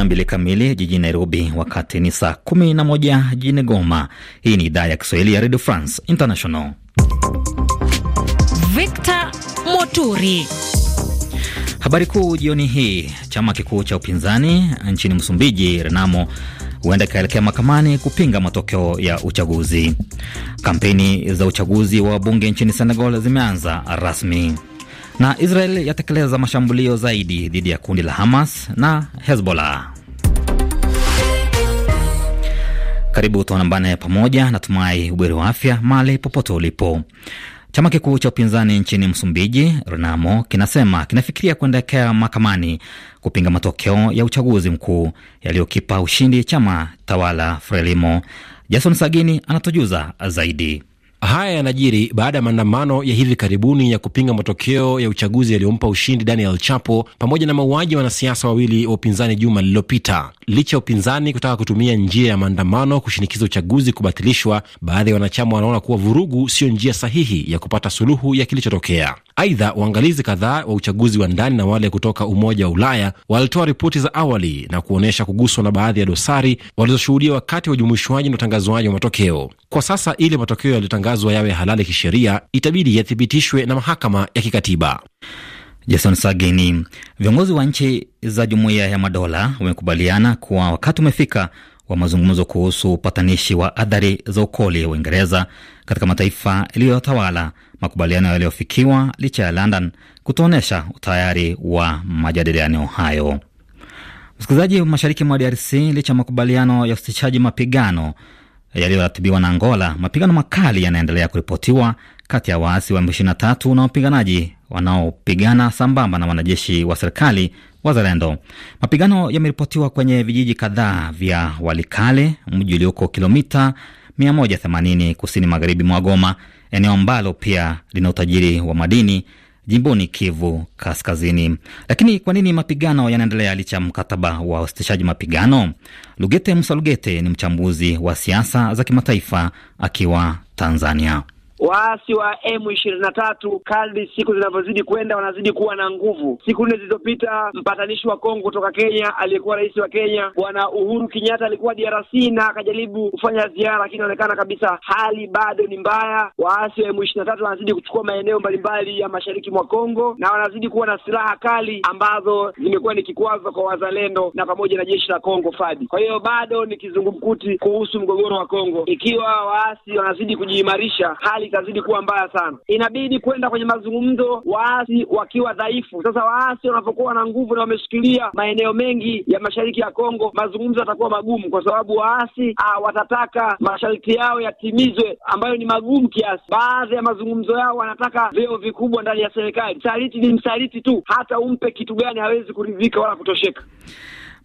na mbili kamili jijini Nairobi, wakati ni saa kumi na moja jijini Goma. Hii ni idhaa ya Kiswahili ya Radio France International. Victor Moturi. Habari kuu jioni hii, chama kikuu cha upinzani nchini Msumbiji Renamo huenda ikaelekea mahakamani kupinga matokeo ya uchaguzi. Kampeni za uchaguzi wa bunge nchini Senegal zimeanza rasmi na Israel yatekeleza mashambulio zaidi dhidi ya kundi la Hamas na Hezbollah. Karibu tuanambane pamoja, natumai ubweri wa afya mali popote ulipo. Chama kikuu cha upinzani nchini Msumbiji, Renamo, kinasema kinafikiria kuendekea mahakamani kupinga matokeo ya uchaguzi mkuu yaliyokipa ushindi chama tawala Frelimo. Jason Sagini anatujuza zaidi. Haya yanajiri baada ya maandamano ya hivi karibuni ya kupinga matokeo ya uchaguzi yaliyompa ushindi Daniel Chapo pamoja na mauaji ya wanasiasa wawili wa upinzani juma lililopita. Licha ya upinzani kutaka kutumia njia ya maandamano kushinikiza uchaguzi kubatilishwa, baadhi ya wanachama wanaona kuwa vurugu siyo njia sahihi ya kupata suluhu ya kilichotokea. Aidha, waangalizi kadhaa wa uchaguzi wa ndani na wale kutoka Umoja wa Ulaya walitoa ripoti za awali na kuonyesha kuguswa na baadhi ya dosari walizoshuhudia wakati wa ujumuishwaji na utangazwaji wa matokeo. Kwa sasa, ili matokeo yaliyotangazwa yawe halali kisheria, itabidi yathibitishwe na mahakama ya kikatiba. Jason Sagini. Viongozi wa nchi za Jumuiya ya Madola wamekubaliana kuwa wakati umefika wa mazungumzo kuhusu upatanishi wa athari za ukoli wa Uingereza katika mataifa yaliyotawala, makubaliano yaliyofikiwa licha ya London kutoonyesha utayari wa majadiliano hayo. Msikilizaji, mashariki mwa DRC, licha ya makubaliano ya usitishaji mapigano yaliyoratibiwa na Angola, mapigano makali yanaendelea kuripotiwa kati ya waasi wa M23 na wapiganaji wanaopigana sambamba na wanajeshi wa serikali wazalendo. Mapigano yameripotiwa kwenye vijiji kadhaa vya Walikale, mji ulioko kilomita 180 kusini magharibi mwa Goma, eneo ambalo pia lina utajiri wa madini jimboni Kivu Kaskazini. Lakini kwa nini mapigano yanaendelea licha ya mkataba wa usitishaji mapigano? Lugete msalugete ni mchambuzi wa siasa za kimataifa akiwa Tanzania. Waasi wa M23 kadri siku zinavyozidi kwenda wanazidi kuwa na nguvu. Siku nne zilizopita, mpatanishi wa Kongo kutoka Kenya, aliyekuwa rais wa Kenya Bwana Uhuru Kenyatta alikuwa DRC na akajaribu kufanya ziara, lakini inaonekana kabisa hali bado ni mbaya. Waasi wa M23 wanazidi kuchukua maeneo mbalimbali ya mashariki mwa Kongo na wanazidi kuwa na silaha kali ambazo zimekuwa ni kikwazo kwa wazalendo na pamoja na jeshi la Kongo fadi Kwa hiyo bado ni kizungumkuti kuhusu mgogoro wa Kongo. Ikiwa waasi wanazidi kujiimarisha, hali itazidi kuwa mbaya sana. Inabidi kwenda kwenye mazungumzo waasi wakiwa dhaifu. Sasa waasi wanapokuwa na nguvu na wameshikilia maeneo mengi ya mashariki ya Kongo, mazungumzo yatakuwa magumu, kwa sababu waasi ah, watataka masharti yao yatimizwe ambayo ni magumu kiasi. Baadhi ya mazungumzo yao wanataka vyeo vikubwa ndani ya serikali. Msaliti ni msaliti tu, hata umpe kitu gani hawezi kuridhika wala kutosheka.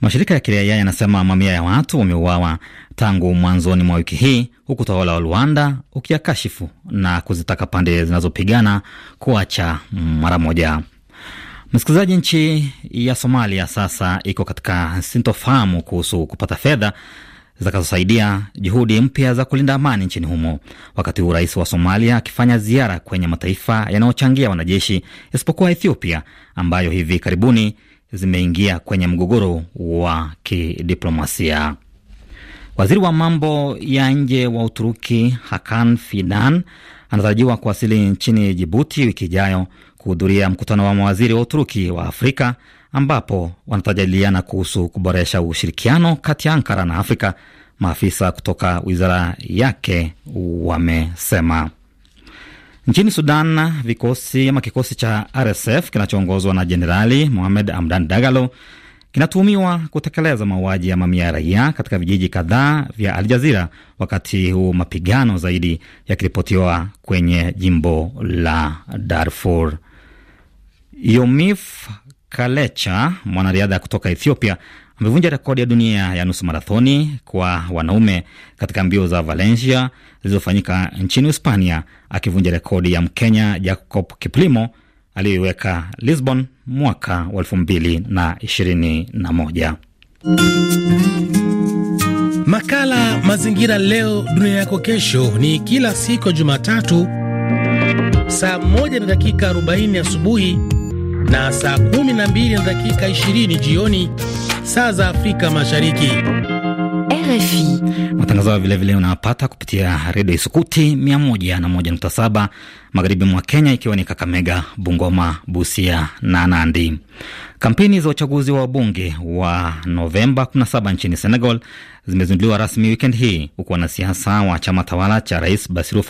Mashirika ya kiraia yanasema mamia ya watu wameuawa tangu mwanzoni mwa wiki hii, huku utawala wa Rwanda ukiyakashifu na kuzitaka pande zinazopigana kuacha mara moja. Msikilizaji, nchi ya Somalia sasa iko katika sintofahamu kuhusu kupata fedha zitakazosaidia juhudi mpya za kulinda amani nchini humo, wakati huu rais wa Somalia akifanya ziara kwenye mataifa yanayochangia wanajeshi isipokuwa Ethiopia ambayo hivi karibuni zimeingia kwenye mgogoro wa kidiplomasia. Waziri wa mambo ya nje wa Uturuki Hakan Fidan anatarajiwa kuwasili nchini Jibuti wiki ijayo kuhudhuria mkutano wa mawaziri wa Uturuki wa Afrika ambapo wanatajadiliana kuhusu kuboresha ushirikiano kati ya Ankara na Afrika, maafisa kutoka wizara yake wamesema. Nchini Sudan, vikosi ama kikosi cha RSF kinachoongozwa na Jenerali Mohamed Amdan Dagalo kinatuhumiwa kutekeleza mauaji ya mamia ya raia katika vijiji kadhaa vya Al Jazira, wakati huu mapigano zaidi yakiripotiwa kwenye jimbo la Darfur. Yomif Kalecha, mwanariadha kutoka Ethiopia, amevunja rekodi ya dunia ya nusu marathoni kwa wanaume katika mbio za Valencia zilizofanyika nchini Hispania, akivunja rekodi ya Mkenya Jacob Kiplimo aliyoiweka Lisbon mwaka wa elfu mbili na ishirini na moja. Makala Mazingira Leo Dunia Yako Kesho ni kila siku ya Jumatatu saa 1 na dakika 40 asubuhi na saa 12 na dakika 20 jioni saa za Afrika Mashariki. RFI matangazo hayo vilevile unapata kupitia redio Isukuti 101.7 magharibi mwa Kenya, ikiwa ni Kakamega, Bungoma, Busia na Nandi. Kampeni za uchaguzi wa wabunge wa Novemba 17 nchini Senegal zimezinduliwa rasmi wikend hii, huku wanasiasa wa chama tawala cha Rais Basiru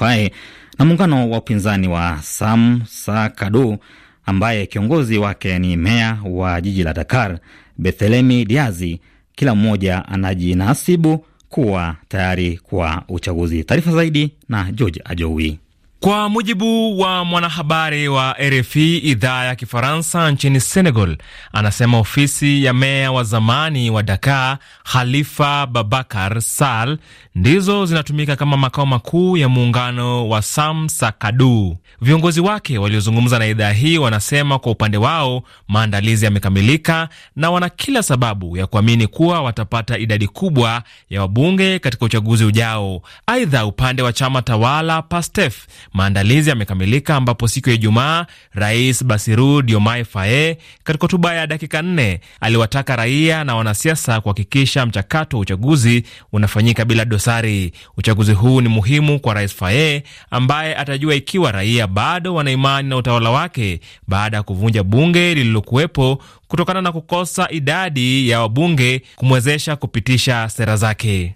na muungano wa upinzani wa Sam Sakadu ambaye kiongozi wake ni meya wa jiji la Dakar Bethelemi Diazi, kila mmoja anajinasibu kuwa tayari kwa uchaguzi. Taarifa zaidi na George Ajowi. Kwa mujibu wa mwanahabari wa RFI idhaa ya Kifaransa nchini Senegal, anasema ofisi ya meya wa zamani wa Dakar Khalifa Babakar sal ndizo zinatumika kama makao makuu ya muungano wa Sam Sakadu. Viongozi wake waliozungumza na idhaa hii wanasema kwa upande wao maandalizi yamekamilika na wana kila sababu ya kuamini kuwa watapata idadi kubwa ya wabunge katika uchaguzi ujao. Aidha, upande wa chama tawala Pastef Maandalizi yamekamilika ambapo siku ya Ijumaa Rais Basiru Diomaye Faye katika hotuba ya dakika nne aliwataka raia na wanasiasa kuhakikisha mchakato wa uchaguzi unafanyika bila dosari. Uchaguzi huu ni muhimu kwa Rais Faye ambaye atajua ikiwa raia bado wanaimani na utawala wake baada ya kuvunja bunge lililokuwepo kutokana na kukosa idadi ya wabunge kumwezesha kupitisha sera zake.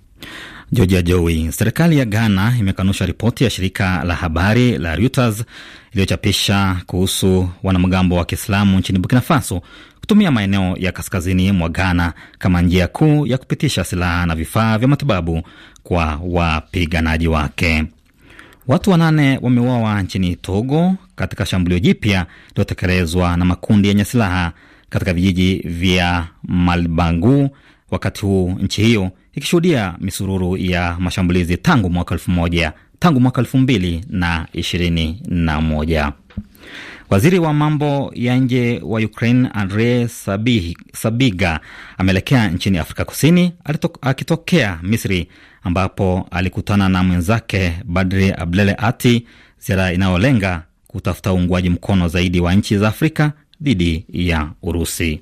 Georgia Jowi. Serikali ya Ghana imekanusha ripoti ya shirika la habari la Reuters iliyochapisha kuhusu wanamgambo wa Kiislamu nchini Burkina Faso kutumia maeneo ya kaskazini mwa Ghana kama njia kuu ya kupitisha silaha na vifaa vya matibabu kwa wapiganaji wake. Watu wanane wameuawa nchini Togo katika shambulio jipya lililotekelezwa na makundi yenye silaha katika vijiji vya Malbangu wakati huu nchi hiyo ikishuhudia misururu ya mashambulizi tangu mwaka elfu moja tangu mwaka elfu mbili na ishirini na moja. Waziri wa mambo ya nje wa Ukraine Andre Sabiga ameelekea nchini Afrika Kusini akitokea Misri ambapo alikutana na mwenzake Badri Abdele Ati, ziara inayolenga kutafuta uungwaji mkono zaidi wa nchi za Afrika dhidi ya Urusi.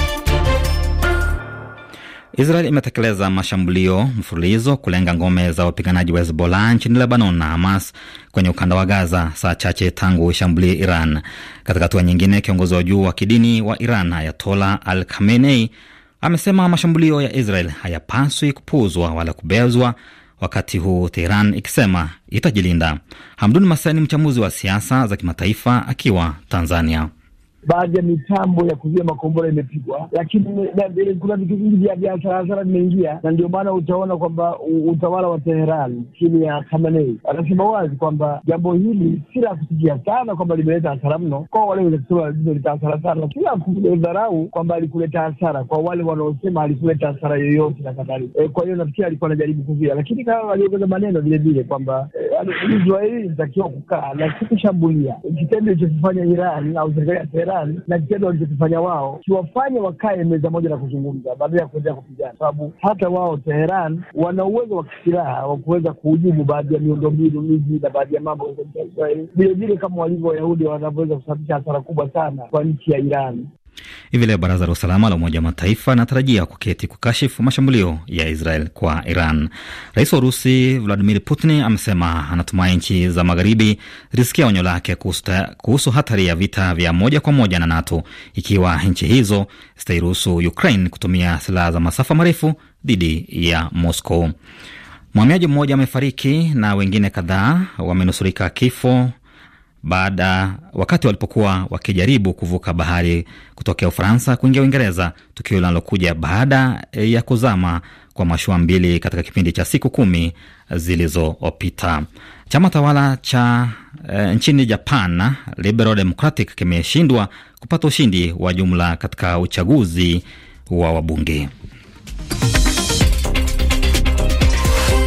Israel imetekeleza mashambulio mfululizo kulenga ngome za wapiganaji wa Hezbollah nchini Lebanon na Hamas kwenye ukanda wa Gaza, saa chache tangu ishambulie Iran. Katika hatua nyingine, kiongozi wa juu wa kidini wa Iran Ayatola Al Khamenei amesema mashambulio ya Israel hayapaswi kupuuzwa wala kubezwa, wakati huu Teheran ikisema itajilinda. Hamdun Masani, mchambuzi wa siasa za kimataifa, akiwa Tanzania baadhi ya mitambo ya kuzuia makombora imepigwa, lakini kuna vitu vingi vya biashara hasara vimeingia, na ndio maana utaona kwamba utawala wa Teheran chini ya Khamenei anasema wazi kwamba jambo hili si la kusikia sana kwamba limeleta hasara mno kwa wale kusema limeleta hasara sana, si la kudharau kwamba alikuleta hasara kwa wale wanaosema alikuleta hasara yoyote na kadhalika. E, kwa hiyo nafikiri alikuwa anajaribu kuzuia, lakini kama aliongeza maneno vilevile kwamba Israeli inatakiwa kukaa na si kushambulia kitendo ilichokifanya Iran au serikali ya Teherani na kitendo walichokifanya wao, kiwafanya wakae meza moja na kuzungumza badala ya kuendelea kupigana, sababu hata wao Teheran wana uwezo wa kisilaha wa kuweza kuhujumu baadhi ya miundombinu, miji na baadhi ya mambo ya Israeli, vilevile kama walivyo Wayahudi wanavyoweza kusababisha hasara kubwa sana kwa nchi ya Iran. Hivi leo baraza la usalama la Umoja wa Mataifa anatarajia kuketi kukashifu mashambulio ya Israel kwa Iran. Rais wa Urusi Vladimir Putin amesema anatumai nchi za magharibi zilisikia onyo lake kuhusu hatari ya vita vya moja kwa moja na NATO ikiwa nchi hizo zitairuhusu Ukraine kutumia silaha za masafa marefu dhidi ya Moscow. Mhamiaji mmoja amefariki na wengine kadhaa wamenusurika kifo baada wakati walipokuwa wakijaribu kuvuka bahari kutokea Ufaransa kuingia Uingereza, tukio linalokuja baada eh, ya kuzama kwa mashua mbili katika kipindi cha siku kumi zilizopita. Chama tawala cha e, nchini Japan Liberal Democratic kimeshindwa kupata ushindi wa jumla katika uchaguzi wa wabunge.